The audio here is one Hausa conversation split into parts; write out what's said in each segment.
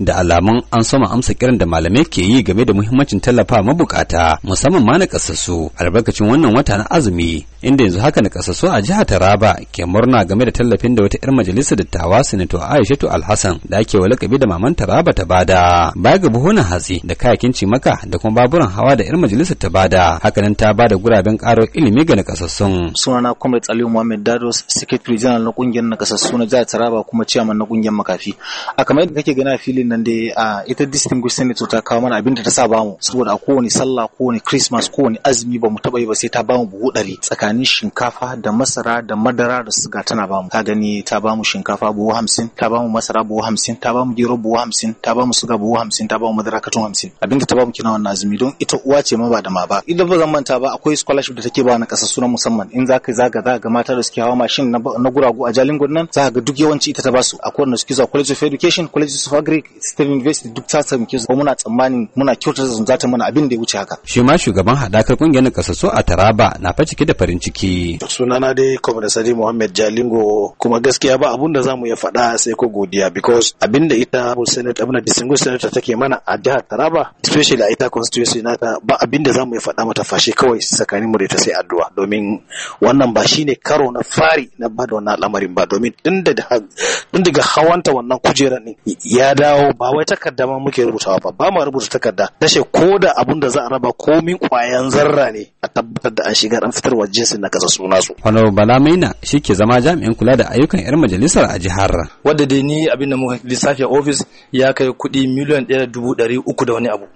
da alamun an soma amsa kiran da malamai ke yi game da muhimmancin tallafa mabukata musamman ma na kasassu albarkacin wannan wata na azumi inda yanzu haka na kasassu a jihar Taraba ke murna game da tallafin da wata 'yar majalisar dattawa sinato Aishatu Alhassan da ake wa lakabi da maman Taraba ta bada baya ga buhunan hatsi da kayakin cimaka da kuma baburan hawa da 'yar majalisar ta bada Haka hakanan ta bada guraben karo ilimi ga nakasassun sunana kwamar tsaliyu Muhammad Dados secretary general na kungiyar nakasassu na jihar Taraba kuma ciyaman na kungiyar makafi a kamar yadda kake gani a filin din nan dai a ita distinguished senator ta kawo mana abin da ta sa bamu saboda a kowane sallah kowane christmas kowane azumi bamu taba yi ba sai ta bamu buhu ɗari tsakanin shinkafa da masara da madara da suga tana bamu ka gani ta bamu shinkafa buhu hamsin ta bamu masara buhu hamsin ta bamu gero buhu hamsin ta bamu suga buhu hamsin ta bamu madara katon hamsin abin da ta bamu kina wannan azumi don ita uwa ce ma ba da ma ba idan ba zan manta ba akwai scholarship da take ba na ƙasa suna musamman in zaka zaga za ga mata da suke hawa mashin na guragu a jalingon nan za ga duk yawanci ita ta basu akwai wanda suke zuwa college of education college of agric Stephen invest duk ta taimake su muna tsammanin muna kyautata su zata mana abin da ya wuce haka shi ma shugaban hadakar kungiyar kasasso a Taraba na fice da farin ciki sunana dai Comrade Sadi Muhammad Jalingo kuma gaskiya ba abun da zamu ya faɗa sai ko godiya because abin da ita Senate abin da distinguished senator take mana a jihar Taraba especially a ita constituency nata ba abin da zamu ya faɗa mata fashe kawai tsakanin mu da ta sai addu'a domin wannan ba shine karo na fari na bada wannan al'amarin ba domin tun daga hawanta wannan kujerar ne ya dawo Ko ba wai takarda ma muke rubutawa ba ba mu rubuta takarda tashe ko da abun da za a raba komin kwayan zarra ne a tabbatar da an shiga an wa jinsin na kasa suna su. Wani Bala Maina shi ke zama jami'in kula da ayyukan 'yar majalisar a jihar. Wadda dai ni abin da muka lissafi a ofis ya kai kuɗi miliyan ɗaya da dubu ɗari uku da wani abu.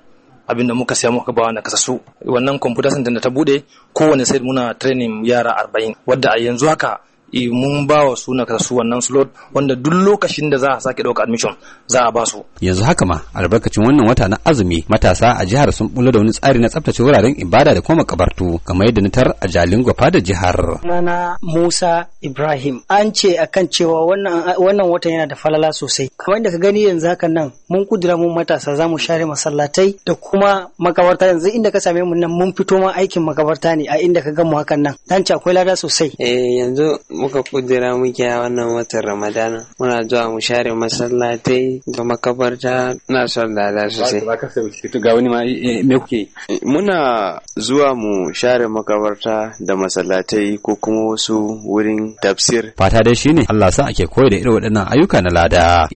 abin da muka siya muka bawa na su wannan computer center da ta bude kowane sai muna training yara arba'in wadda a yanzu haka Eh, mun ba wa suna su wannan slot wanda duk lokacin da za a sake ɗauka admission za a ba su. Yanzu haka ma albarkacin wannan wata na azumi matasa a jihar sun bula da wani tsari na tsaftace wuraren ibada da kuma kabartu kamar yadda tar a jalin gwafa da jihar. Nana Musa Ibrahim an ce akan cewa wannan watan yana da falala sosai. Kamar da ka gani yanzu haka nan mun kudura mun matasa za mu share masallatai da kuma makabarta yanzu inda ka same mu nan mun fito ma aikin makabarta ne a inda ka gamu hakan nan. Dan ce akwai lada sosai. Eh yanzu muka kudura muke a wannan watan ramadana muna zuwa mu share masallatai da makabarta na son lada sosai ga wani eh, muna zuwa mu share makabarta da masallatai ko kuma wasu wurin tafsir fata dai shine Allah sa ake koyar da irin waɗannan ayyuka na lada